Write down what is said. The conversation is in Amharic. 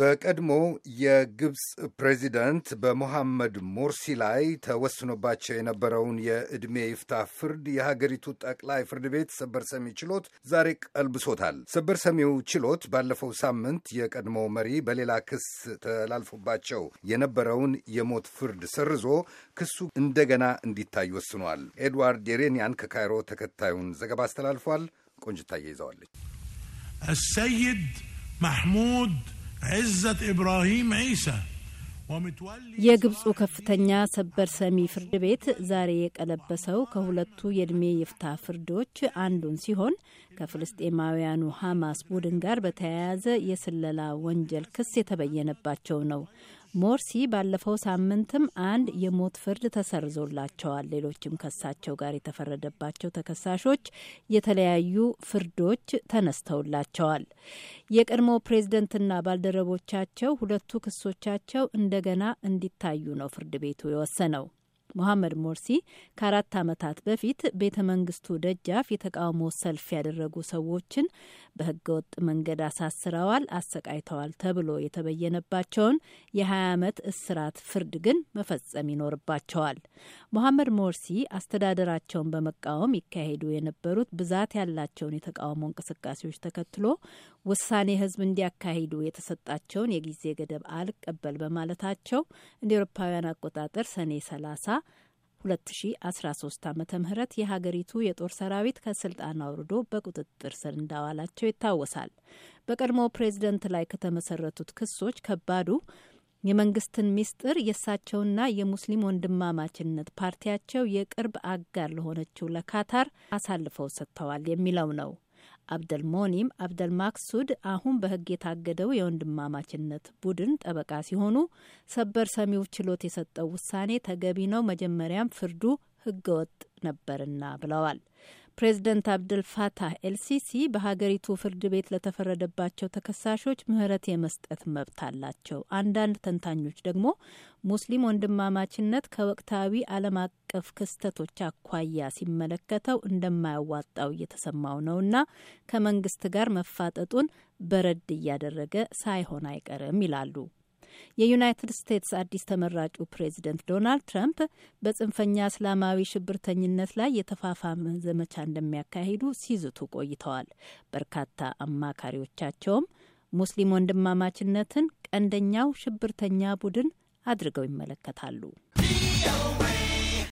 በቀድሞ የግብፅ ፕሬዚደንት በሞሐመድ ሞርሲ ላይ ተወስኖባቸው የነበረውን የዕድሜ ይፍታ ፍርድ የሀገሪቱ ጠቅላይ ፍርድ ቤት ሰበር ሰሚ ችሎት ዛሬ ቀልብሶታል። ሰበር ሰሚው ችሎት ባለፈው ሳምንት የቀድሞ መሪ በሌላ ክስ ተላልፎባቸው የነበረውን የሞት ፍርድ ሰርዞ ክሱ እንደገና እንዲታይ ወስኗል። ኤድዋርድ የሬንያን ከካይሮ ተከታዩን ዘገባ አስተላልፏል። ቆንጅታ ይዘዋለች። السيد محمود የግብፁ ከፍተኛ ሰበር ሰሚ ፍርድ ቤት ዛሬ የቀለበሰው ከሁለቱ የእድሜ ይፍታ ፍርዶች አንዱን ሲሆን ከፍልስጤማውያኑ ሐማስ ቡድን ጋር በተያያዘ የስለላ ወንጀል ክስ የተበየነባቸው ነው። ሞርሲ ባለፈው ሳምንትም አንድ የሞት ፍርድ ተሰርዞላቸዋል። ሌሎችም ከሳቸው ጋር የተፈረደባቸው ተከሳሾች የተለያዩ ፍርዶች ተነስተውላቸዋል። የቀድሞ ፕሬዝደንትና ባልደረቦቻቸው ሁለቱ ክሶቻቸው እንደገና እንዲታዩ ነው ፍርድ ቤቱ የወሰነው። ሞሐመድ ሞርሲ ከአራት ዓመታት በፊት ቤተ መንግስቱ ደጃፍ የተቃውሞ ሰልፍ ያደረጉ ሰዎችን በህገወጥ መንገድ አሳስረዋል፣ አሰቃይተዋል ተብሎ የተበየነባቸውን የ20 ዓመት እስራት ፍርድ ግን መፈጸም ይኖርባቸዋል። ሞሐመድ ሞርሲ አስተዳደራቸውን በመቃወም ይካሄዱ የነበሩት ብዛት ያላቸውን የተቃውሞ እንቅስቃሴዎች ተከትሎ ውሳኔ ህዝብ እንዲያካሂዱ የተሰጣቸውን የጊዜ ገደብ አልቀበል በማለታቸው እንደ ኤሮፓውያን አቆጣጠር ሰኔ 30 2013 ዓ ም የሀገሪቱ የጦር ሰራዊት ከስልጣን አውርዶ በቁጥጥር ስር እንዳዋላቸው ይታወሳል። በቀድሞ ፕሬዝደንት ላይ ከተመሰረቱት ክሶች ከባዱ የመንግስትን ሚስጥር የእሳቸውና የሙስሊም ወንድማማችነት ፓርቲያቸው የቅርብ አጋር ለሆነችው ለካታር አሳልፈው ሰጥተዋል የሚለው ነው። አብደልሞኒም አብደል ማክሱድ አሁን በህግ የታገደው የወንድማማችነት ቡድን ጠበቃ ሲሆኑ ሰበር ሰሚው ችሎት የሰጠው ውሳኔ ተገቢ ነው፣ መጀመሪያም ፍርዱ ህገወጥ ነበርና ብለዋል። ፕሬዝደንት አብድል ፋታህ ኤልሲሲ በሀገሪቱ ፍርድ ቤት ለተፈረደባቸው ተከሳሾች ምህረት የመስጠት መብት አላቸው። አንዳንድ ተንታኞች ደግሞ ሙስሊም ወንድማማችነት ከወቅታዊ ዓለም አቀፍ ክስተቶች አኳያ ሲመለከተው እንደማያዋጣው እየተሰማው ነውና ከመንግስት ጋር መፋጠጡን በረድ እያደረገ ሳይሆን አይቀርም ይላሉ። የዩናይትድ ስቴትስ አዲስ ተመራጩ ፕሬዚደንት ዶናልድ ትራምፕ በጽንፈኛ እስላማዊ ሽብርተኝነት ላይ የተፋፋመ ዘመቻ እንደሚያካሂዱ ሲዝቱ ቆይተዋል። በርካታ አማካሪዎቻቸውም ሙስሊም ወንድማማችነትን ቀንደኛው ሽብርተኛ ቡድን አድርገው ይመለከታሉ።